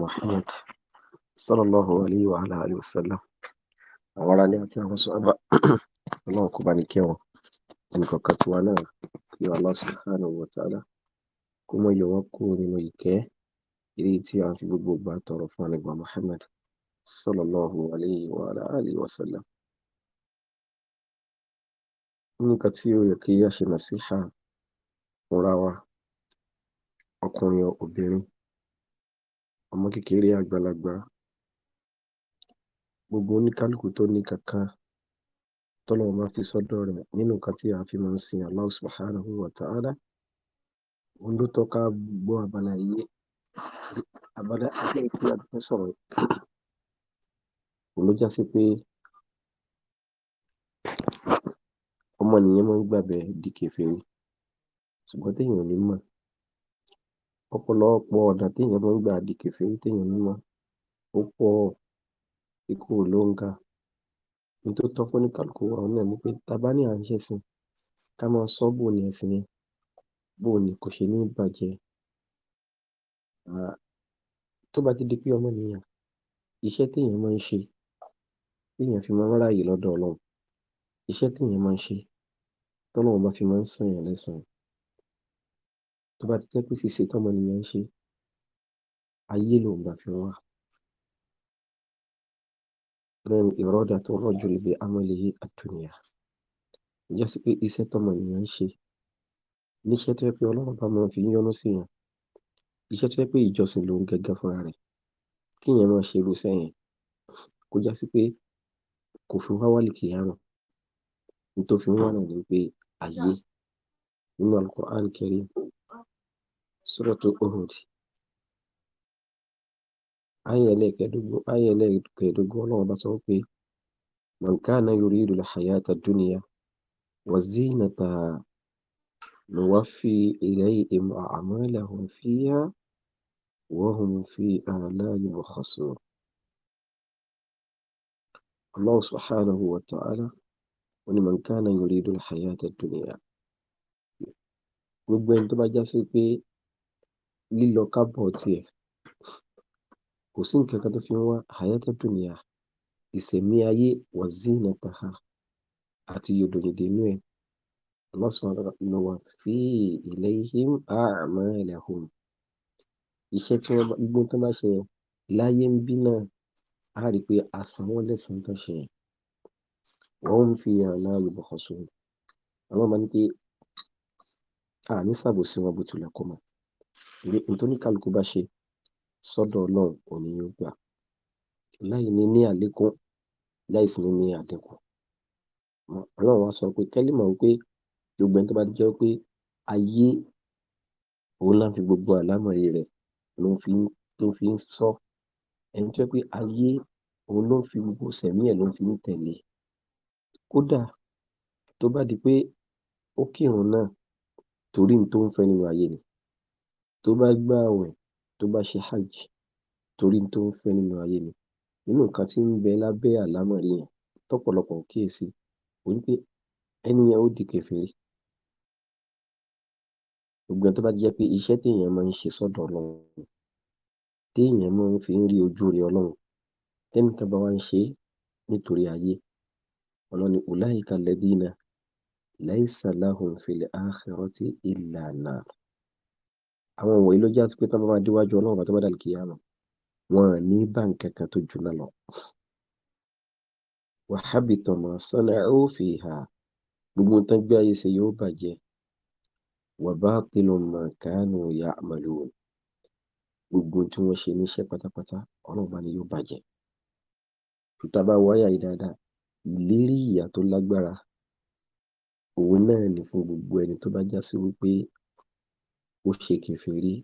Muhammad sallallahu alayhi wa alayhi wa sallam àwọn ará ní àti àwọn sọ́ọ́bà ọlọ́run kó bá ní kí wọn nǹkan kan tiwa náà kí Allah subhanahu wa ta'ala kó mọ yọ wọn kúrò nínú ìkẹ́ eléyìí tí a fi gbogbo gbà tọrọ fún àlẹ́gbà Muhammad sallallahu alayhi wa alayhi wa sallam. nǹkan tí ó yẹ kí a ṣe nàṣíhà ọmọ kékeré àgbàlagbà gbogbo oníkálùkù tó ní nǹkan kan tọ́lọ́run bá fi sọ́dọ̀ rẹ̀ nínú nǹkan tí a fi máa ń sin Allah subhanahu wa ta'ala òun ló tọ́ka gbọ́ abala yìí abala abẹ́rẹ́ tí a fẹ́ sọ̀rọ̀ òun ló já sí pé ọmọnìyàn máa ń gbàbẹ di kèfèrí ṣùgbọ́n téèyàn ò ní mọ̀ Ọ̀pọ̀lọpọ̀ ọ̀nà téèyàn mọ́ ń gbà di Kèfèrí téèyàn nímọ̀ ó pọ̀ tí kò lóǹkà. Ohun tó tọ́ fóníkálukú wa òhun náà ni pé ta bá ní à ń ṣẹ̀sìn ká máa sọ bóo ni ẹ̀sìn yẹn bóo ni kò ṣe ní bàjẹ́. um tó bá ti di pé ọmọnìyàn iṣẹ́ téèyàn mọ́ ń ṣe téèyàn fi mọ́ ń ráàyè lọ́dọ̀ Ọlọ́run, iṣẹ́ téèyàn mọ́ ń ṣe tọ́lọ́run bá fi mọ́ ń sàn yàn lẹ́san Tó bá ti jẹ́ pé ṣìṣe tọ́mọnìyàn ń ṣe, ayé lòǹgbà fi wá. Min iradati rajuli bi amalihi ad-dunya. Tó já sí pé iṣẹ́ tọ́mọnìyàn ń ṣe, níṣẹ́ tó jẹ́ pé Ọlọ́run Ọba máa fi ń yọ́nú síyàn, iṣẹ́ tó jẹ́ pé ìjọsìn lòun gangan fúnra rẹ̀, kéèyàn máa ṣe irú iṣẹ́ kó já sí pé kò fi wá wálìkìyámọ̀, ohun tó fi ń wá náà ni pé ayé. Nínú Al-Qur'an سورة أهود أي لك دو آية لك دوغو لو بسوكي من كان يريد الحياة الدنيا وزينة نوفي إليهم أعمالهم فيها وهم في لا يبخسون الله سبحانه وتعالى ولمن كان يريد الحياة الدنيا gbogbo ẹni tó bá já sí pé lílọ kábọ̀ tiẹ̀ kò sí nǹkan kan tó fi ń wá hayata dunya ìsẹ̀mí ayé wa zinataha àti yòdòyìndé inú ẹ̀ Allah subhanahu wa fi ilayhim a'malahum iṣẹ́ tí wọ́n gbogbo tó bá ṣe láyé ń bí náà á rí i pé a san wọ́n tó ṣe wọ́n ń fi hàn náà yòbọ̀kọ̀ sóhun àwọn máa ń pé àmì ṣàbòsí wọn bó tilẹ̀ kó mọ́ nítoníkàlùkù bá ṣe sọ́dọ̀ ọlọ́run òun ni yóò gbà láì ní ní àlékún láì sì ní ní àdínkù ọlọ́run wá sọ pé kẹ́lí mọ̀ wípé gbogbo ẹni tó bá jẹ́ pé ayé òun láfi gbogbo àlámọ̀rí rẹ̀ ló fi ń ló fi ń sọ ẹni tó jẹ́ pé ayé òun ló fi gbogbo sẹ̀mí ẹ̀ ló fi ń tẹ̀lé kódà tó bá di pé ó kírun náà torí n tó ń fẹ́ nínú ayé ni tó bá gbààwẹ tó bá ṣe hajj torí n tó ń fẹ nínú ayé ni nínú nǹkan tí ń bẹ lábẹ àlámọrí yẹn tọpọlọpọ ò kíyèsí òun ni pé ẹni yẹn ó di kèfèrí gbogbo ẹni tó bá jẹ pé iṣẹ téèyàn máa ń ṣe sọdọ Ọlọ́run téèyàn máa ń fi ń rí ojúre Ọlọ́run tẹnìkan bá wá ń ṣe nítorí ayé Ọlọ́run ní ulaika alladhina laysa lahum fil akhirati illa àwọn wọ̀nyí ló já sí pé tá bá máa déwájú ọlọ́run bá tó bá dà kíyàmá wọn ò ní bá nǹkan kan tó jù náà lọ. wàhábì tọmọ sọlá ó fi hà gbogbo tán gbé ayé ṣe yóò bàjẹ́ wàbáàpìlù màkánù ya àmàlù gbogbo tí wọ́n ṣe níṣẹ́ pátápátá ọlọ́run bá ní yóò bàjẹ́. tuta wáyà yìí dáadáa ìlérí ìyà tó lágbára òun náà ni fún gbogbo ẹni tó bá já sí wípé ó ṣe kèfèrí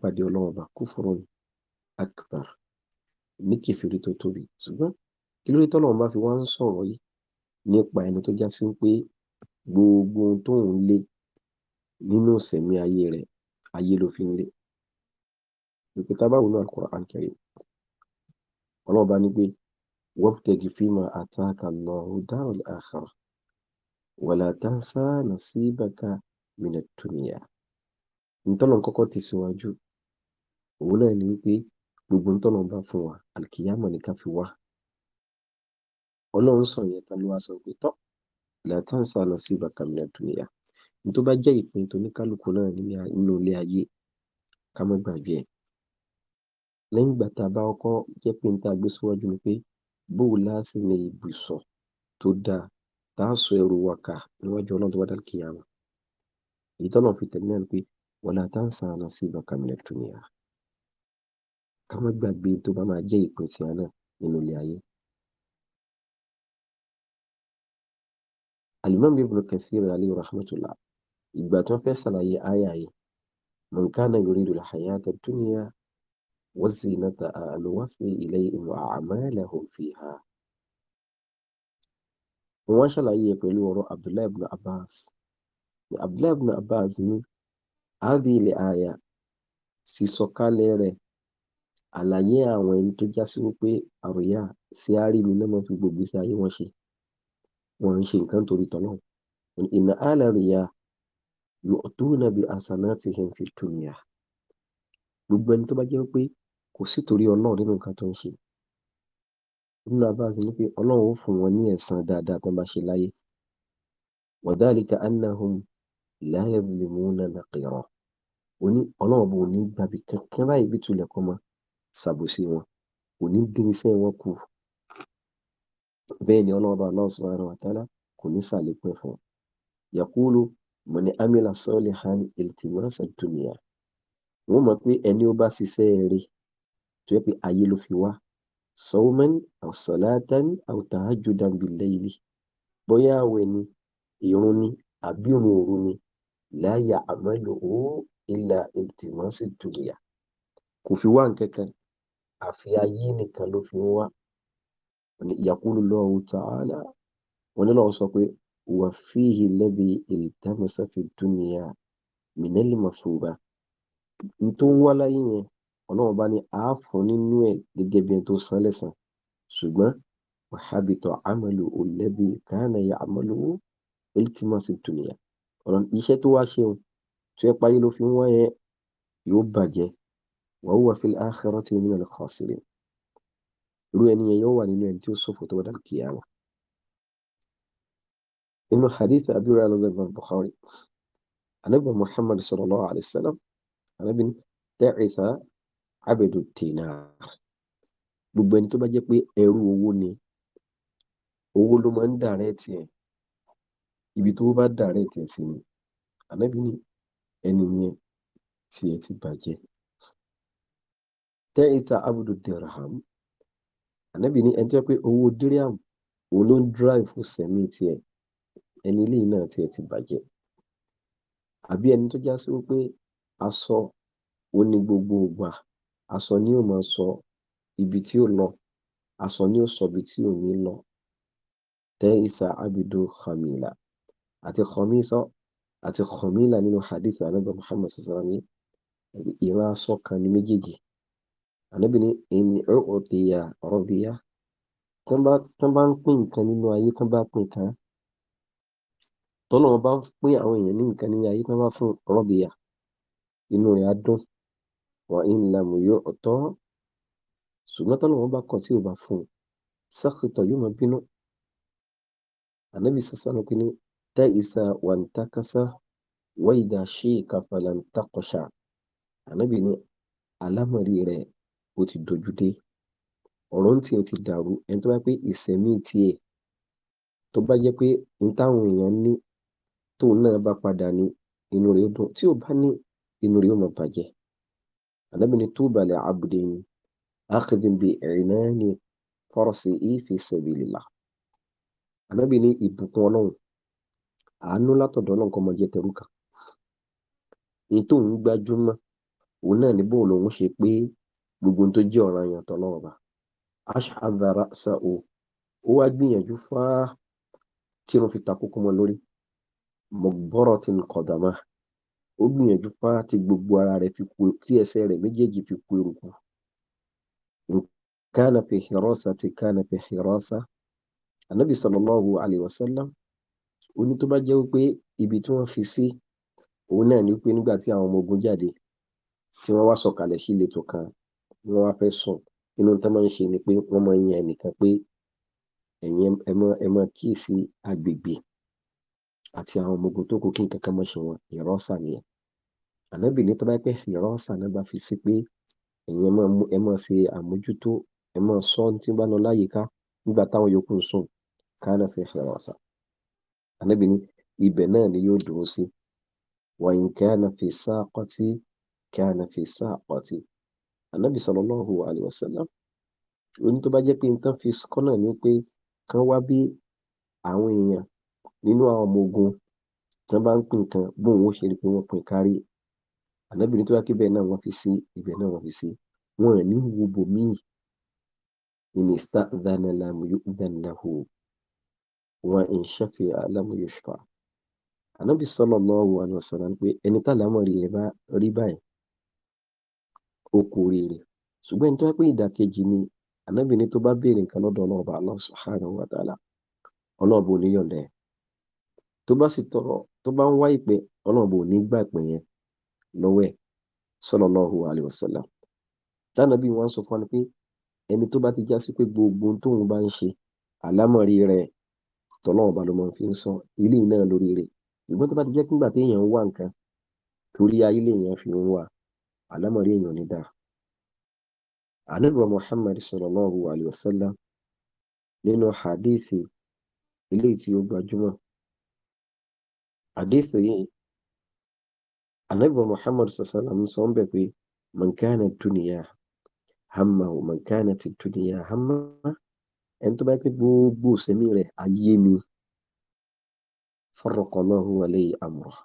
pàdé ọlọ́run ọba kufrun akbar ní kèfèrí tó tóbi ṣùgbọ́n kí ló dé tọ́lọ́run bá fi wá ń sọ̀rọ̀ yìí nípa ẹni tó já sí pé gbogbo ohun tóun lé nínú ìsẹ̀mí ayé rẹ̀ ayé ló fi ń lé ìpè tábàwò náà Al-Qur'an ọlọ́run bá ní pé wabtagi fima ataka Allahu daral akhirah wala tansa nasibaka minad dunya ohun tọ́lọ́run kọ́kọ́ tì síwájú òun náà ni wípé gbogbo ohun tọ́lọ́run bá fún wa àlìkìyámọ̀ ni ká fi wá ọlọ́run sọ yẹn ta ló wá sọ pé tọ́ látàǹsà lọ sí bàkàmìlà dùnìyà ní bá jẹ́ ìpín tóníkálukú náà nínú ilé ayé ká má gbàgbé ẹ̀ lẹ́yìn ìgbà tá a bá kọ́kọ́ jẹ́ pé n tá gbé síwájú ni pé bóò láàsì ní ibùsọ̀ tó dáa tá a sọ ẹrù wa kà níwájú ọlọ́run tó bá dá kíyàmá èyí tọ́lọ́run fi tẹ̀lé náà ni pé ولا تنسى نصيبك من الدنيا ká má gbàgbé tó bá máa jẹ́ ìpín tiwa náà nínú ilé ayé. Al-Imam Ibn Kathir alayhi rahmatullah ìgbà tí wọ́n fẹ́ ṣàlàyé àyà yìí man kana yuridu al-hayata ad-dunya wa zinataha nuwaffi ilayhim a'malahum fiha. Wọ́n ṣàlàyé pẹ̀lú ọ̀rọ̀ Abdullahi ibn Abbas. Abdullahi Abbas ní هذه الآية sísọ̀kalẹ̀ rẹ̀ àlàyé àwọn ẹni tó já sí wí pé àríyá síárì ni wọ́n máa ń fi gbogbo ìgbésí ayé wọn ṣe wọn ò ń ṣe nǹkan nítorí tọlọ́run inna ala riya yu'tuna bi hasanatihim fi dunya gbogbo ẹni tó bá jẹ́ pé kò sí torí ọlọ́run nínú nǹkan tó ń ṣe ibn abbas ní pé ọlọ́run ó fún wọn ní ẹ̀san dáadáa tó ń bá ṣe láyé wa dhalika annahum la yadhlimuna naqira oní ọlọ́run bò ní gbàbí kankan báyìí bí tulẹ̀ kọ́ mọ ṣàbòsí wọn kò ní dín iṣẹ́ wọn kù bẹ́ẹ̀ ni ọlọ́run bá Allah subhanahu wa ta'ala kò ní ṣàlékún fún un yakulu mọ̀ni amila solihan iltimasa dunya wọ́n mọ̀ pé ẹni ó bá ṣiṣẹ́ rí tó yẹ pé ayé ló fi wá sawman aw salatan aw tahajjudan ilà ìtìmọ́sí tùlìyà kò fi wá nǹkan kan àfi ayé nìkan ló fi ń wá yaqulu Allahu ta'ala onílọ́wọ́ sọ pé wà fíhì lẹ́bi iltamasa fi dunya minal mathuba n tó ń wá láyé yẹn ọlọ́run bá ní àáfọ̀ nínú ẹ̀ gẹ́gẹ́ bí ẹni tó san lẹ́sàn ṣùgbọ́n wa habita amalu alladhi kana ya'malu iltimasa dunya ọ̀rọ̀ iṣẹ́ tó wá ṣeun tó yẹ pé ayé ló fi ń wá yẹn yóò bàjẹ́ wa huwa fil akhirati minal khasirin irú ẹni yẹn yóò wà nínú ẹni tí ó ṣòfò tó bá dàbí kìyàwó. inú hadith Abi Hurairah lọ́dọ̀ Imam Bukhari anabi Muhammad sallallahu alayhi wa sallam anabi ta'isa abdu dinar gbogbo ẹni tó bá jẹ́ pé ẹrú owó ni owó ló máa ń dàrẹ́ tiẹ̀ ibi tó bá dàrẹ́ tiẹ̀ sí ni anabi ni ẹni yẹn tiẹ̀ ti bàjẹ́ tẹ́ẹ̀sà abudu dirham ànábì ní ẹni tó jẹ́ pé owó dirham òun ló ń drive sẹ̀mí tiẹ̀ ẹni eléyìí náà tiẹ̀ ti bàjẹ́ àbí ẹni tó já sí wípé aṣọ ó ní gbogbo ìgbà aṣọ ni ó máa sọ ibi tí ó lọ aṣọ ni ó sọ ibi tí ò ní lọ tẹ́ẹ̀sà abudu khamila àti khamisa àti kọ̀mílà nínú hadith anábà muhammad sasara ní ìran aṣọ kan ní méjèèjì anábì ní èmi ọ̀ọ́dìyà ọ̀rọ̀dìyà tán bá ń pín nǹkan nínú ayé tán bá pín kan tọ́nà bá pín àwọn èèyàn ní nǹkan nínú ayé tán bá fún ọ̀rọ̀dìyà inú rẹ̀ á dùn wà ń lamù yóò ọ̀tọ́ ṣùgbọ́n tọ́nà wọn bá kọ̀ tí ò fún un sáfìtọ̀ ta'isa wantakasa wa idha shi'ika falan taqsha ànábì ní àlámọ̀rí rẹ̀ ó ti dojú dé ọ̀rọ̀ ń tiẹ̀ ti dàrú ẹni tó bá pé ìsẹ̀mí tiẹ̀ tó bá jẹ́ pé n táwọn èèyàn ní tóun náà bá padà ní inú rẹ̀ ó dùn tí ò bá ní inú rẹ̀ mọ̀ bàjẹ́ ànábì ní tuba li abdin akhdhin bi i'nani farasihi fi sabilillah ànábì ní ìbùkún ọlọ́run àánú látọ̀dọ̀ náà kọ́ ọmọ jẹ́ tẹrú kan ní tóun gbájúmọ́ òun náà ní bó lòun ṣe pé gbogbo tó jẹ́ ọ̀ràn yàn tọ́ lọ́wọ́ bá aṣáájára sa o ó wá gbìyànjú fá tí irun fi ta kókó mọ́ lórí mọ̀gbọ́rọ̀ ti ń kọ̀dàmá ó gbìyànjú fá tí gbogbo ara rẹ̀ fi ku tí ẹsẹ̀ rẹ̀ méjèèjì fi ku eruku nǹkan ànàpẹ̀ ti kàn ànàpẹ̀ anabi sallallahu alayhi wa sallam ó ní tó bá jẹ́ wípé ibi tí wọ́n fi sí òun náà ni pé nígbà tí àwọn ọmọ ogun jáde tí wọ́n wá sọ̀kalẹ̀ sí ìletò kan ni wọ́n wá fẹ́ sùn inú tán máa ń ṣe ni pé wọ́n máa ń yan ẹnìkan pé ẹ̀yin ẹ mọ ẹ mọ kíyèsí agbègbè àti àwọn ọmọ ogun tó kù kí nǹkan kan mọ́ ṣe wọn ìrọ́sà nìyẹn ànábì ní tó bá pẹ́ fi ìrọ́sà náà bá fi sí pé ẹ̀yin ẹ máa ṣe àmójútó ẹ máa sọ tí bá lọ láyìíká nígbà táwọn yòókù ń sùn káà náà fi ìrọ́sà ànábì ní ibẹ̀ náà ni yóò dúró sí wàyìn kana fi saqati kana fi saqati ànábì sallallahu alaihi wasallam oní tó bá jẹ́ pé nǹkan fi kọ́ náà ni pé kán wá bí àwọn èèyàn nínú àwọn ọmọ ogun tán bá ń pín nǹkan bóun ó ṣe rí pé wọ́n pín kárí ànábì ní tó bá kí bẹ́ẹ̀ náà wọ́n fi sí ibẹ̀ náà wọ́n fi sí wọn ò ní wo bòmíì ìnìsá dánilàmù yóò dánilahu wa in shafi'a lam yushfa ànábì sallallahu alaihi wasallam pé ẹni tá lámọ̀ rí ẹ bá rí báyìí ó kú oríire ṣùgbọ́n ẹni tó wá pé ìdàkejì ni ànábì ni tó bá béèrè nǹkan lọ́dọ̀ ọlọ́ọ̀bà Allah subhanahu wa ta'ala ọlọ́ọ̀bà ò ní yọ̀ǹda ẹ̀ tó bá sì tọrọ tó bá ń wá ìpè ọlọ́ọ̀bà ò ní gbà pé yẹn lọ́wọ́ ẹ̀ sallallahu alaihi wasallam tánàbí wọn sọ fún wa pé ẹni tó bá ti já sí pé gbogbo tóun bá ń ṣe àlámọ̀rí rẹ̀ tọ́lọ́run ọba ló máa fi ń sọ ilé náà lórí rẹ̀ ìgbọ́n tó bá ti jẹ́ kígbà téèyàn ń wá nǹkan torí ayé lèèyàn fi ń wá àlámọ̀rí èèyàn ní dáa ànábì wa Muhammad sallallahu alayhi wa sallam nínú hadithi ilé tí ó gbajúmọ̀ hadithi yìí ànábì wa Muhammad sallallahu alayhi wa sallam sọ ń bẹ̀ pé man kana duniya hamma man ti duniya hamma ẹni tó bá yẹ pé gbogbo ìsẹ̀mí rẹ̀ ayé ni farrakallahu alayhi amrah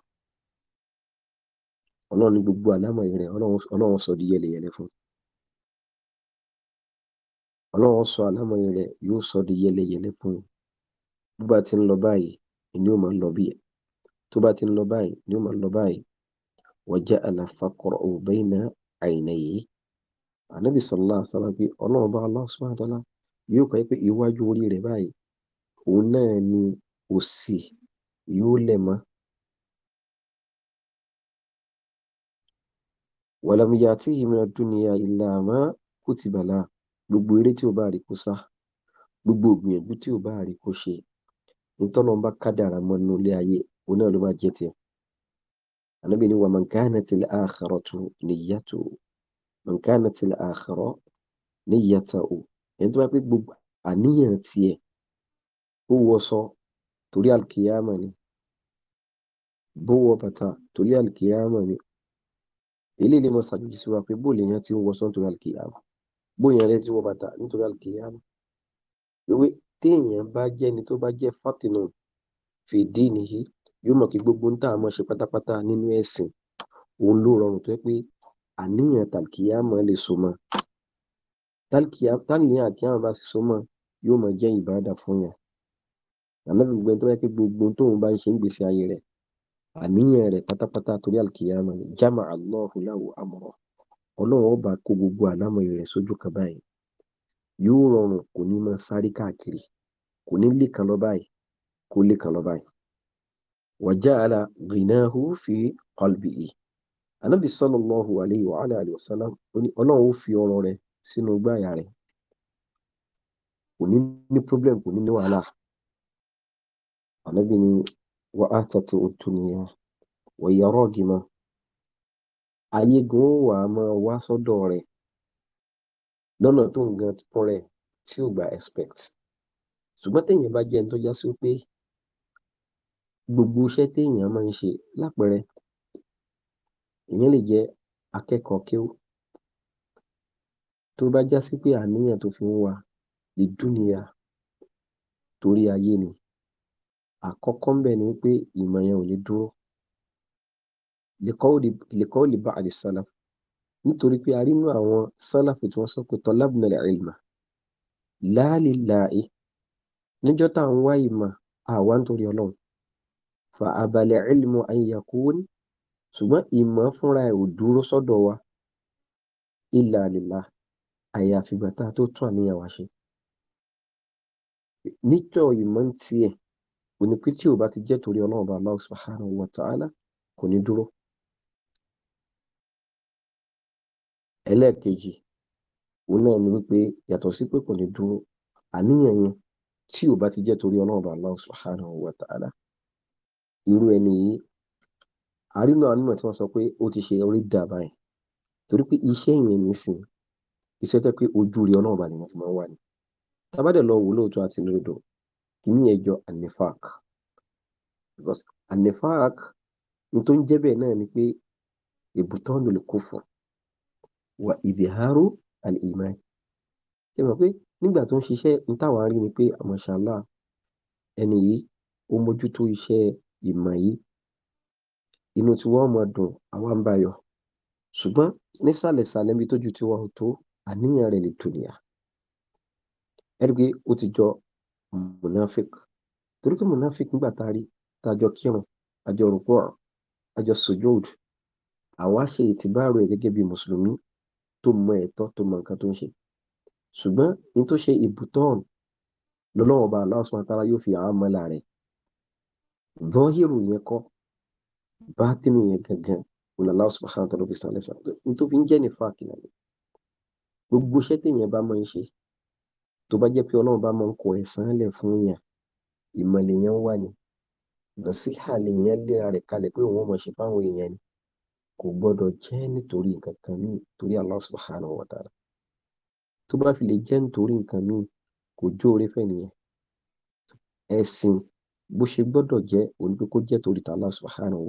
ọlọ́run ní gbogbo àlámọ̀ rẹ̀ ọlọ́run sọ di yẹlẹyẹlẹ fún ọlọ́run sọ àlámọ̀ rẹ̀ yóò sọ di yẹlẹyẹlẹ fún bó bá ti ń lọ báyìí ni ó máa ń lọ bí ẹ̀ tó bá ti ń lọ báyìí ni ó máa ń lọ báyìí wa ja'ala faqrahu bayna aynayhi ànábì sallallahu alaihi wasallam pé ọlọ́run bá aláṣọ àdọ́lá yóò kàn jẹ́ pé iwájú orí rẹ̀ báyìí òun náà ni òsì yóò lẹ̀ mọ́. wàlámù ya'tihi mina dunya illa ma kutiba lah gbogbo eré tí ò bá rí kó sá gbogbo ìgbìyànjú tí ò bá rí kó ṣe ntọ́lọ́run bá kádàrá mọ́ nínú ilé ayé òun náà ló máa jẹ́ tiẹ̀. Ànábì ní wa man kanatil akhiratu niyyatuhu man kanatil akhiratu niyyatuhu ẹni tó bá pé gbogbo àníyàn tiẹ̀ ó wọṣọ torí àlùkìyámà ni bó wọ bàtà torí àlùkìyámà ni eléyìí lè mọ ṣàjòjì sí wa pé bó lè yàn ti ń wọṣọ nítorí àlùkìyámà bó yàn rẹ ti wọ bàtà nítorí àlùkìyámà ewé téèyàn bá jẹ́ ẹni tó bá jẹ́ fatinu fìdí nìyí yóò mọ̀ kí gbogbo ń tà á mọ́ ṣe pátápátá nínú ẹ̀sìn òun ló rọrùn tó yẹ pé àníyàn tàlùkìyámà lè so mọ́ tálìyàn àkíyàmọ̀ bá ti so mọ́ ọn yóò máa jẹ́ ìbáàdà fún yàn ànábì gbogbo ẹni tó bá jẹ́ pé gbogbo ohun tóun bá ń ṣe nígbèésí ayé rẹ̀ àníyàn rẹ̀ pátápátá torí àlìkìyàmọ̀ ni jama allahu lahu amọ̀rọ̀ ọlọ́run ó bá kó gbogbo àlámọ̀ rẹ̀ sójú kan báyìí yóò rọrùn kò ní máa sáré káàkiri kò ní lè kan lọ báyìí kó lè kan lọ báyìí wàjáàlà ghinahu fi qalbihi ànábì sallallahu alayhi wa alihi wa sallam ọlọ́run ó fi ọrọ̀ rẹ̀ sínú gbáyà rẹ̀ kò ní ní problem kò ní ní wàhálà ànábì ni wà á tàtà òtúnìyà wà yàrá ọ̀gìmọ̀ ayé gan ó wà á máa wá sọ́dọ̀ rẹ̀ lọ́nà tó ń gan fún rẹ̀ tí ò gba expect ṣùgbọ́n téèyàn bá jẹ́ ẹni tó já sí pé gbogbo iṣẹ́ téèyàn máa ń ṣe lápẹẹrẹ èèyàn lè jẹ́ akẹ́kọ̀ọ́ kéwú tó bá já sí pé àníyàn tó fi ń wá lìdúnìyà torí ayé ni àkọ́kọ́ ńbẹ̀ ni pé ìmọ̀ yẹn ò ní dúró lìkọ́ọ̀lì ba'di salaf nítorí pé a rí inú àwọn sálàfù tí wọ́n sọ pé talabna al-ilma la lillahi níjọ́ tá à ń wá ìmọ̀ àwa nítorí ọlọ́run fa abal ilmu an yakun ṣùgbọ́n ìmọ̀ fúnra ẹ̀ ò dúró sọ́dọ̀ wa illa lillah àyàfi ìgbà tá a tó tún àníyàn wa ṣe níjọ ìmọ̀ ń tiẹ̀ kò ní pé tí ò bá ti jẹ́ torí ọlọ́run bá Allah subhanahu wa ta'ala kò ní dúró. ẹlẹ́ẹ̀kejì òun náà ni wípé yàtọ̀ sí pé kò ní dúró àníyàn yẹn tí ò bá ti jẹ́ torí ọlọ́run bá Allah subhanahu wa ta'ala irú ẹni yìí àrínú àníyàn tí wọ́n sọ pé ó ti ṣe orí dà báyìí torí pé iṣẹ́ yẹn nìsín iṣẹ́ tẹ́ pé ojú rí ọlọ́run bá nìyẹn fi máa ń wà ní. tábàdẹ̀ lọ wò lóòótọ́ àti lóòótọ́ kìíní yẹn jọ anifak because anifak n tó ń jẹ́ bẹ́ẹ̀ náà ni pé ìbùtọ́ ní lè fún wa ìdìhárò al-iman ṣe mọ̀ pé nígbà tó ń ṣiṣẹ́ n táwọn rí ni pé mashallah ẹni yìí ó mójútó iṣẹ́ ìmọ̀ yìí inú tiwọn mọ̀ dùn àwa bá yọ ṣùgbọ́n nísàlẹ̀sàlẹ̀ níbi tójú tiwọn ò tó àníyàn rẹ̀ lè tònìyà ẹ̀rí pé ó ti jọ monafik torí pé monafik nígbà tá a rí tá a jọ kírun a jọ rúkọ a jọ sojood àwa ṣe ìtìbáàrò ẹ̀ gẹ́gẹ́ bí mùsùlùmí tó mọ ẹ̀tọ́ tó mọ nǹkan tó ń ṣe ṣùgbọ́n ní tó ṣe ìbùtọ́n lọ́lọ́wọ́ bá Allah subhanahu yóò fi àwọn ọmọlá rẹ̀ dọ́hìrù yẹn kọ́ bátínù yẹn gangan Allah subhanahu wa ta'ala fi sàn lẹ́sàn ní tó ń jẹ́ ní fáàkì náà gbogbo iṣẹ́ téèyàn bá máa ń ṣe tó bá jẹ́ pé ọlọ́run bá máa ń kọ ẹ̀san lẹ̀ fún yàn ìmọ̀ lèèyàn wà ní nọ̀síhà lèèyàn léra rẹ̀ kalẹ̀ pé òun ó ṣe fáwọn èèyàn ni kò gbọ́dọ̀ jẹ́ nítorí nǹkan kan míì torí Allah subhanahu wa ta'ala tó bá fi lè jẹ́ nítorí nǹkan míì kò jóore fẹ́nìyàn ẹ̀sìn bó ṣe gbọ́dọ̀ jẹ́ òun pé kó jẹ́ torí ta Allah subhanahu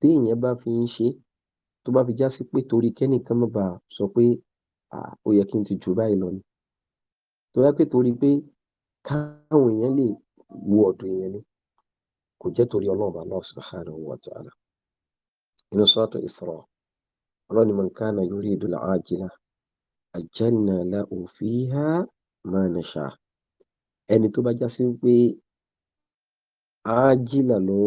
téèyàn bá fi ń ṣe é tó bá fi já sí pé torí kẹ́nìkan má bàa sọ pé ó yẹ kí n ti jù báyìí lọ ni tó yẹ pé torí pé káwọn èèyàn lè wo ọ̀dọ̀ èèyàn ni kò jẹ́ torí ọlọ́ọ̀bà Allah subhanahu wa ta'ala inú suratu Isra ọlọ́ni man kana yuridu al-ajila ajjalna lahu fiha ma nasha ẹni tó bá já sí pé ájílà ló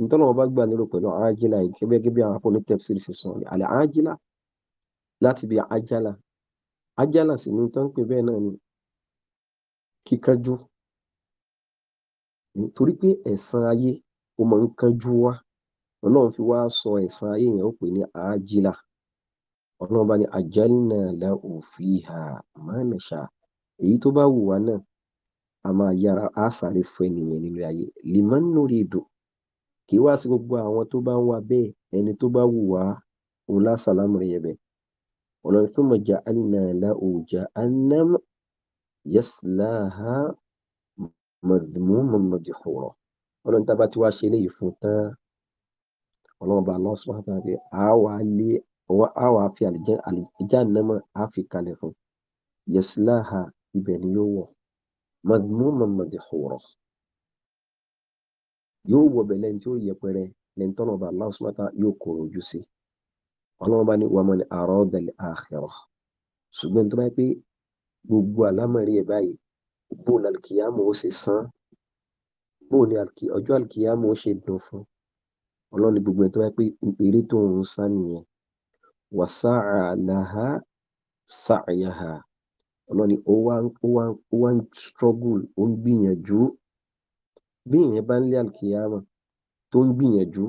nítorí wọn bá gbà lérò pẹ̀lú ajila gẹ́gẹ́ bí àwọn afọ́lẹ́ tafsir ṣe sọ àlẹ́ ajila láti bí ajala ajala sì ní tán pé bẹ́ẹ̀ náà ni kíkanjú nítorí pé ẹ̀san ayé ó máa ń kanjú wá ọlọ́run fi wá sọ ẹ̀san ayé yẹn ó pè ní ajila ọlọ́run bá ní ajalna lahu fiha ma nasha èyí tó bá wù wá náà a máa yára á sáré fún ẹnìyẹn nínú ayé liman nuridu kì í wá sí gbogbo àwọn tó bá ń wá bẹ́ẹ̀ ẹni tó bá wù wá òun lásàlámù rẹ̀ yẹ̀bẹ̀ ọlọ́run fún mọ̀jà alìnàlá òòjà anam yasilaha mọ̀dìmọ́mọ̀dì ọ̀rọ̀ ọlọ́run tá a bá ti wá ṣe eléyìí fún tán ọlọ́run bá lọ́ sọ́n àtàwọn pé a wà fi àlìjá nàmọ́ a fi kalẹ̀ fún yasilaha ibẹ̀ ni yóò wọ̀ mọ̀dìmọ́mọ̀dì ọ̀rọ̀ yóò wọ̀bẹ̀ lẹ́ni tí ó yẹpẹrẹ lẹ́ni tọ́nà ọba Allah subhanahu wa ta'ala yóò kóró ojú sí ọlọ́run bá ní waman arada al-akhirah ṣùgbọ́n tó bá yẹ pé gbogbo àlámọ̀rí ẹ̀ báyìí bó ni alkiyamu ó ṣe san bó ni ọjọ́ alkiyamu ó ṣe dùn fún ọlọ́run ní gbogbo ẹ̀ tó bá yẹ pé eré tó ń san nìyẹn wasa'a laha sa'yaha ọlọ́run ó wá ń struggle ó ń gbìyànjú bí èèyàn bá ń lé àlùkìyámà tó ń gbìyànjú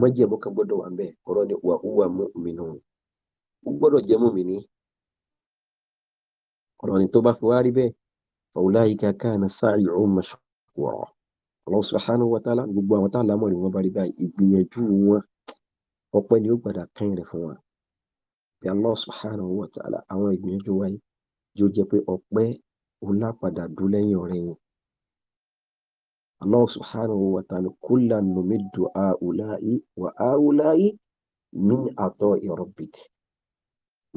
májẹ̀mú kan gbọ́dọ̀ wà ń bẹ̀ ọ̀rọ̀ ni wà húwà mu'minun ó gbọ́dọ̀ jẹ́ mùmíní ọ̀rọ̀ ni tó bá fi wá rí bẹ́ẹ̀ fa ulaika kana sa'yuhum mashkura Allah subhanahu wa ta'ala gbogbo àwọn tá a lámọ̀ rí wọn bá rí báyìí ìgbìyànjú wọn ọpẹ́ ni ó gbàdá kẹ́yìn rẹ̀ fún wa bí Allah subhanahu wa ta'ala àwọn ìgbìyànjú wáyé yóò jẹ́ pé ọpẹ́ òun lápadà ọ̀rẹ́ yẹn Allah subhanahu wa ta'ala kullan numiddu haula'i wa haula'i min ata'i rabbik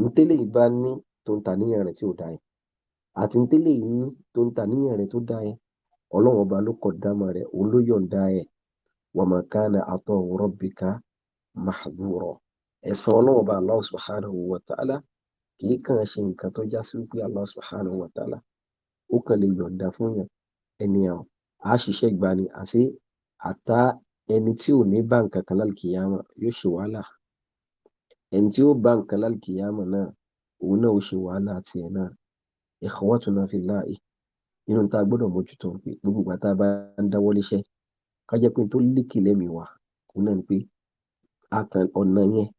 ntẹ́lẹ̀ yìí bá ní tó ń ta níyàn rẹ̀ tí ò dá yẹn àti ntẹ́lẹ̀ yìí ní tó ń ta níyàn rẹ̀ tó dá yẹn ọlọ́run ọba ló kọ̀ dámọ̀ rẹ̀ òun ló yọ̀ǹda yẹn wa ma kana ata'u rabbika mahdura ẹ̀san ọlọ́run ọba Allah subhanahu wa ta'ala kìí kàn ṣe nǹkan tó já sí wípé Allah subhanahu wa ta'ala ó kàn lè yọ̀ǹda fún yàn ẹni àwọn a ṣiṣẹ́ gbani àti àtá ẹni tí ò ní bá nǹkan kan lálùkìyàmọ yóò ṣe wàhálà ẹni tí ó bá nǹkan lálùkìyàmọ náà òun náà ó ṣe wàhálà tiẹ̀ náà ikhwatuna fillahi nínú tá a gbọ́dọ̀ mójútó gbogbo ìgbà tá a bá ń dáwọ́ léṣẹ́ ká jẹ́ pé tó lékè lẹ́mìí wa òun náà ni pé ọ̀nà yẹn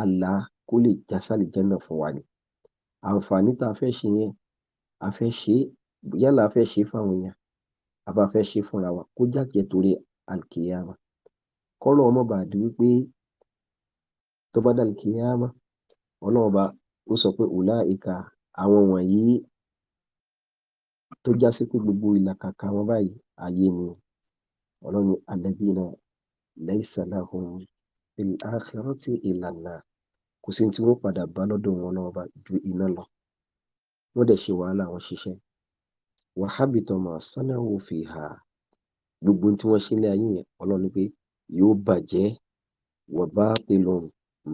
àlá kó lè já sálì jẹ́nà fún wa ni àǹfààní tá a fẹ́ ṣe yẹn a fẹ́ ṣe yálà a fẹ́ ṣe fáwọn èèyàn a bá fẹ́ ṣe fúnra wa kó jàjẹ́ torí àlìkìyámà kọ́lọ́run ó má baà di wí pé tó bá dàlìkìyámà ọlọ́run ọba ó sọ pé ùláìka àwọn wọ̀nyí tó já sí pé gbogbo ìlàkàkà wọn báyìí ayé ni ọlọ́run ní alladhina laysa lahum fil akhirati illa nar kò sí ohun tí wọ́n ó padà bá lọ́dọ̀ wọn ọlọ́run ọba ju iná lọ wọ́n dẹ̀ ṣe wàhálà wọn ṣiṣẹ́ wàhábìtọ mà sanáwó fi hà gbogbo tí wọn ṣe lé ayé yẹn Ọlọ́run ní pé yóò bàjẹ́ wọba pelon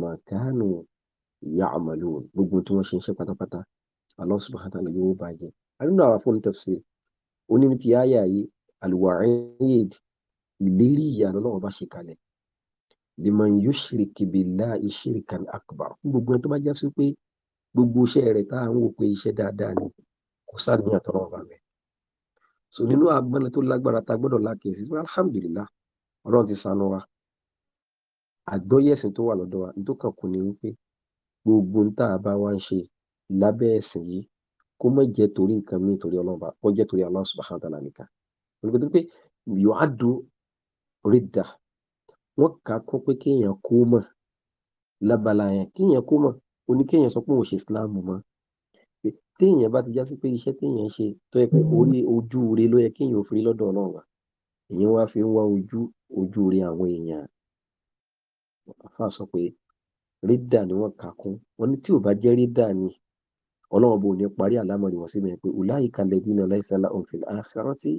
makanu yaamalu gbogbo tí wọn ṣe ń ṣe pátápátá Allah subhanahu wa ta'ala yóò bàjẹ́ alúnà àwọn afọ onítẹfsir oníbi àyà yìí alwaid ìlérí ìyànà náà bá ṣe kalẹ̀ liman yushrik billahi shirkan akbar fún gbogbo ẹni tó bá já pé gbogbo iṣẹ́ rẹ̀ tá ń wò pé iṣẹ́ dáadáa ni kò sáàdúnyà tọrọ ọba rẹ̀ so nínú agbọ́nlẹ̀ tó lágbára ta gbọ́dọ̀ lákèésí sí alhamdulillah ọlọ́run ti ṣàánú wa àgbọ́yé ẹ̀sìn tó wà lọ́dọ̀ wa nítorí kan kù ni wípé gbogbo ń tá a bá wá ń ṣe lábẹ́ ẹ̀sìn yìí kó má jẹ́ torí nǹkan míì torí ọlọ́run bá kó jẹ́ torí Allah subhanahu wa ta'ala nìkan olùkọ́ pé yóò á dùn rí da wọ́n kà á kún pé kéèyàn kó mọ̀ lábala yẹn kéèyàn kó mọ̀ oníkéèyàn sọ pé òun ṣe Islam mọ́ téèyàn bá ti já sí pé iṣẹ́ téèyàn ṣe tó yẹ pé hmm. orí ojú rẹ ló yẹ kéèyàn fi lọ́dọ̀ Ọlọ́run wa èèyàn wá fi ń wá ojú ojú rẹ àwọn èèyàn afa sọ pé rídà ni wọ́n kà kún wọn ní tí ò bá jẹ́ rídà ni Ọlọ́run bò ní parí àlámọ̀rí wọn síbẹ̀ pé ulaika alladhina laysa lahum fil akhirati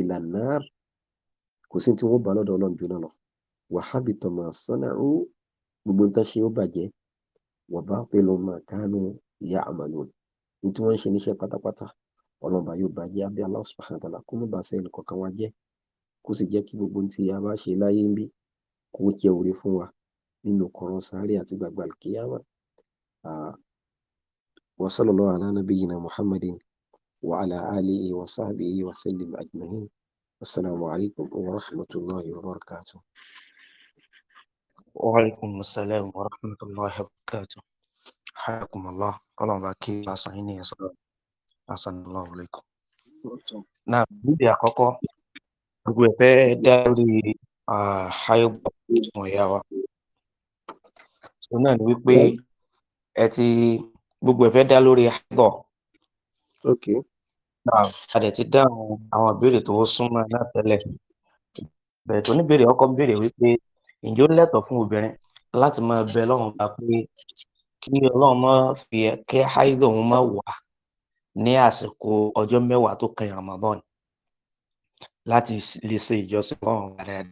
illa nar kò sí tí wọ́n bá lọ́dọ̀ Ọlọ́run jóná lọ wa habita ma sana'u gbogbo nǹkan ṣe ó bàjẹ́ wa batilu ma kanu ya'malun ní tí wọ́n ń ṣe níṣẹ́ pátápátá ọlọ́run bá yóò bá jẹ́ abẹ́ Allah subhanahu wa ta'ala kó má bàa sẹ́ ẹnì kọ̀ọ̀kan wa jẹ́ kó sì jẹ́ kí gbogbo ohun tí a bá ṣe láyé ń bí kó jẹ́ oore fún wa nínú kọ̀rọ̀ sáré àti gbàgbà kìyàmà wa sallallahu ala nabiyyina muhammadin wa ala alihi wa sahbihi wa sallim ajma'in assalamu wa rahmatullahi wa barakatuh. wa alaikum assalam wa rahmatullahi wa barakatuh. Hayakumullah kọ́lọ́n bá kí asan yín ní ẹ̀sọ́ asanullahu alaykum. Náà bíbí àkọ́kọ́ gbogbo ẹ̀ fẹ́ dá lórí hayobọ̀ ìtumọ̀ ìyá wa. Sọ náà ni wípé ẹ ti gbogbo ẹ̀ fẹ́ dá lórí hayobọ̀. Náà a dẹ̀ ti dáhùn àwọn ìbéèrè tó súnmọ́ náà tẹ́lẹ̀. Bẹ̀rẹ̀ tó ní béèrè ọkọ béèrè wípé ǹjẹ́ ó fún obìnrin láti máa bẹ lọ́hùn bá pé kí ọlọ́run má fi kí háìdọ̀ òun má wà ní àsìkò ọjọ́ mẹ́wàá tó kan Ramadan láti lè ṣe ìjọsìn ọlọ́run dáadáa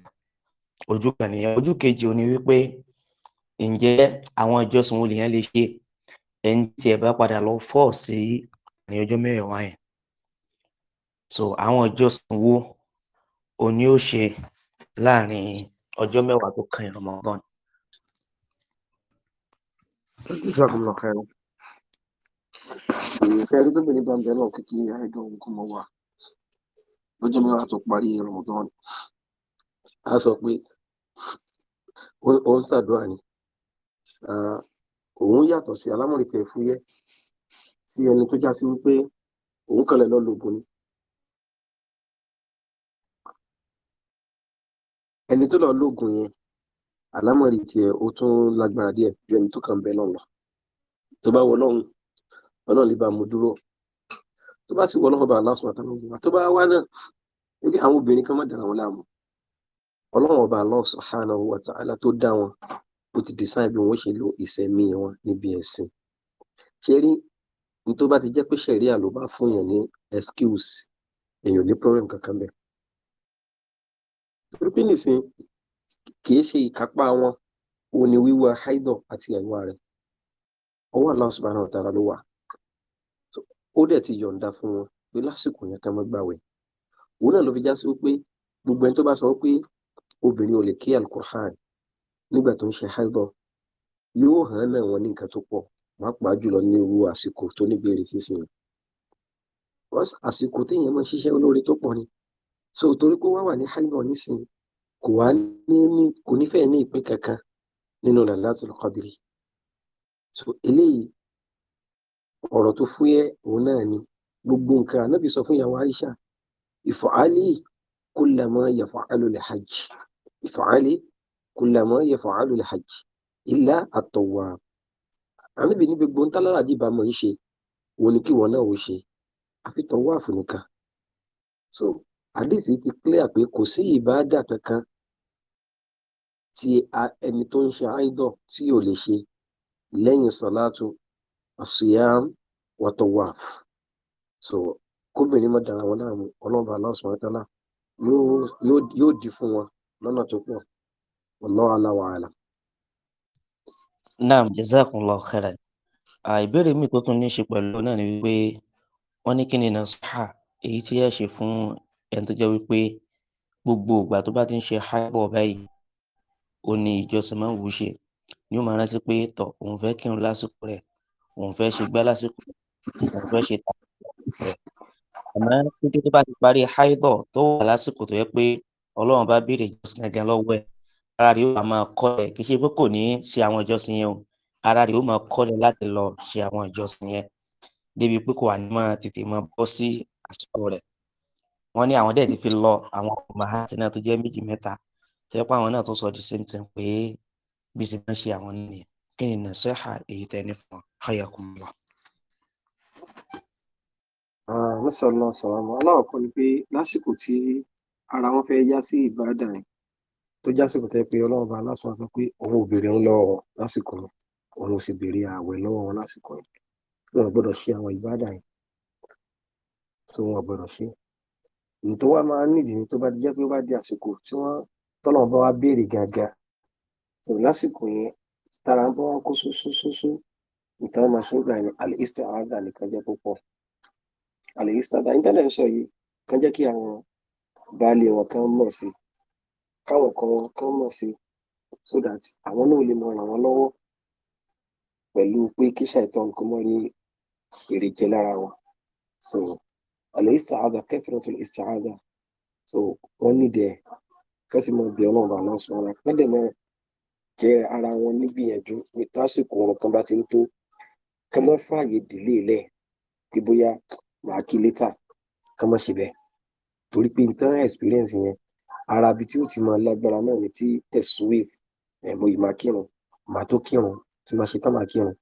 ojú kan nìyẹn ojú kejì òní wípé ǹjẹ́ àwọn ìjọsìn wo lèèyàn lè ṣe ẹni tí ẹ bá padà lọ fọ́ sí ní ọjọ́ mẹ́wàá yẹn so àwọn ìjọsìn wo òní ó ṣe láàrin ọjọ́ mẹ́wàá tó kan Ramadan. جزاكم الله خير ìfẹ́rẹ́tò bẹ̀rẹ̀ bá ń bẹ̀rẹ̀ lọ́wọ́ kékeré àìdọ̀ ohun kó mọ wa lọ́jọ́ mẹ́wàá tó parí Ramadan a sọ pé ó ń ṣàdúrà ni òun yàtọ̀ sí alámọ̀rìtẹ̀ fúyẹ́ sí ẹni tó já sí wípé òun kànlẹ̀ lọ lògùn ẹni tó lọ lògùn yẹn àlámọ̀rí tiẹ̀ ó tún lágbára díẹ̀ ju ẹni tó kàn bẹ́ẹ̀ lọ́n lọ tó bá wọ lọ́hùn ọlọ́run lè bá mu dúró tó bá sì wọ lọ́hùn bá aláṣọ àtàwọn ọmọ tó bá wá náà wípé àwọn obìnrin kan má dára wọn láàmú ọlọ́run ọba Allah subhanahu wa ta'ala tó dá wọn ó ti design bí wọ́n ṣe lo ìṣẹ̀mí wọn níbi ẹ̀sìn ṣe rí ní tó bá ti jẹ́ pé ṣẹ̀ríà ló bá fún yàn ní excuse èèyàn ní problem kankan bẹ́ẹ̀ torí pé nìsín kìí ṣe ìkápá wọn òun ni wíwá haidọ̀ àti àìwá rẹ̀ ọwọ́ Allah subhanahu wa ta'ala ló wà ó dẹ̀ ti yọ̀ǹda fún wọn pé lásìkò yẹn ká má gbàwẹ̀ òun náà ló fi já sí pé gbogbo ẹni tó bá sọ pé obìnrin ò lè kí alukur'an nígbà tó ń ṣe haidọ̀ yóò hàn náà wọn ní nǹkan tó pọ̀ pàápàá jùlọ ní irú àsìkò tó ní fi sìn àsìkò téèyàn máa ṣiṣẹ́ olóore tó pọ̀ ni so torí pé wọ́n wà ní haidọ̀ nísìnyí kò wá ní ní kò ní fẹ́ẹ̀ ní ìpín kankan nínú làlátùl kọ́dìrì so eléyìí ọ̀rọ̀ tó fúyẹ́ òun náà ni gbogbo nǹkan anábì sọ fún ìyàwó Aisha ìfọ̀álì kullama yaf'alu lihajj ìfọ̀álì kullama yaf'alu lihajj illa at-tawwab anábì ní gbogbo ntálárà dìbà mọ̀ ń ṣe òun ni kí wọn náà ó ṣe àfi tawwaf so àdìsí ti clear pé kò sí ìbáàdà kankan ti ẹni tó ń ṣe àìdọ̀ tí ò lè ṣe lẹ́yìn sọ̀látù asiyam watawaf so kóbìnrin má dara wọn láàmú ọlọ́ba aláṣọ àtàlà yóò di fún wọn lọ́nà tó pọ̀ wallahu ala wa ala. naam jazakumullahu khairan ìbéèrè mi tó tún ní ṣe pẹ̀lú náà ni wípé wọ́n ní kí ni nàṣà èyí tí yẹ́ ṣe fún ẹni tó jẹ́ wípé gbogbo ìgbà tó bá ti ń ṣe háìbọ̀ báyìí ó ní ìjọsìn máa ń wù ú ṣe ni ó máa rántí pé tọ òun fẹ́ kírun lásìkò rẹ̀ òun fẹ́ ṣe gbá lásìkò rẹ̀ òun fẹ́ ṣe tàbí rẹ̀ àmọ́ títí tó bá ti parí háídọ tó wà lásìkò tó yẹ pé Ọlọ́run bá béèrè ìjọsìn gangan lọ́wọ́ ẹ ara rẹ̀ yóò máa kọ ẹ kì í ṣe pé kò ní ṣe àwọn ìjọsìn yẹn o ara rẹ̀ yóò máa kọ ẹ láti lọ ṣe àwọn ìjọsìn yẹn débi pé kò wà ní máa tètè máa bọ́ sí àsìkò rẹ̀ wọ́n ní àwọn dẹ̀ ti fi lọ àwọn ọmọ àti náà tó jẹ́ méjì mẹ́ta tẹ́ pé àwọn náà tún sọ the same thing pé bí ṣe máa ń ṣe àwọn nìyẹn kí ni nàṣẹ́hà èyí tẹ́ ní fún hayakumullah. nísọ̀lá sàlámù aláwọ̀kọ́ ni pé lásìkò tí ara wọn fẹ́ yá sí ìbádàn yìí tó jásìkò tẹ́ pé ọlọ́run bá aláṣọ sọ pé òun ò béèrè ń lọ́wọ́ lásìkò òun ò sì béèrè ààwẹ̀ lọ́wọ́ wọn lásìkò yẹn wọn ò ṣe àwọn ìbádàn yìí wọn ò ṣe èyí tó máa nídìí tó bá jẹ́ pé ó di àsìkò tí wọ́n tọ́lọ́run bá wá béèrè gàgà tó lásìkò yẹn tára ń bọ́ wá kó sósósósó ìtàn máa ṣe ń gbà ní àlèéṣẹ́ àádá nìkan jẹ́ púpọ̀ àlèéṣẹ́ àádá ìtẹ́lẹ̀ ń sọ yìí kan jẹ́ kí àwọn baálé wọn kan mọ̀ sí káwọn kan kan mọ̀ sí so that àwọn náà lè mọ ràn wọ́n lọ́wọ́ pẹ̀lú pé kí ṣàìtàn kó mọ́ rí èrè jẹ lára wọn so àlèéṣẹ́ àádá kẹfìrọ̀tò àlèéṣẹ́ àádá so wọ́n nídẹ̀ẹ́ kán sì mọ bí ọlọ́run bá náà sọ̀rọ̀ kán dẹ̀ máa jẹ ara wọn nígbìyànjú ní tásìkò ọ̀rọ̀ kan bá ti ń tó kán má fààyè dìlé e lẹ̀ pé bóyá màá kí létà kán má ṣe bẹ́ẹ̀ torí pé nǹkan experience yẹn ara ibi tí ó ti máa lágbára náà ni tí ẹ̀sùn wave ẹ̀ mo yìí máa kírun màá tó kírun tí màá ṣe tán màá kírun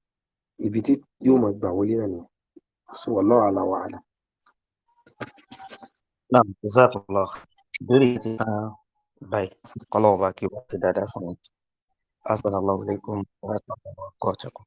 ibi tí yóò máa gbà wọlé náà nìyẹn sọ ọlọ́run aláwọ̀ àlà. náà ìbéèrè ti tán Baik, kọ́lọ́run bá kí wọ́n ti dáadáa fún yín. Assalamu alaikum wa rahmatullahi wa barakatuh.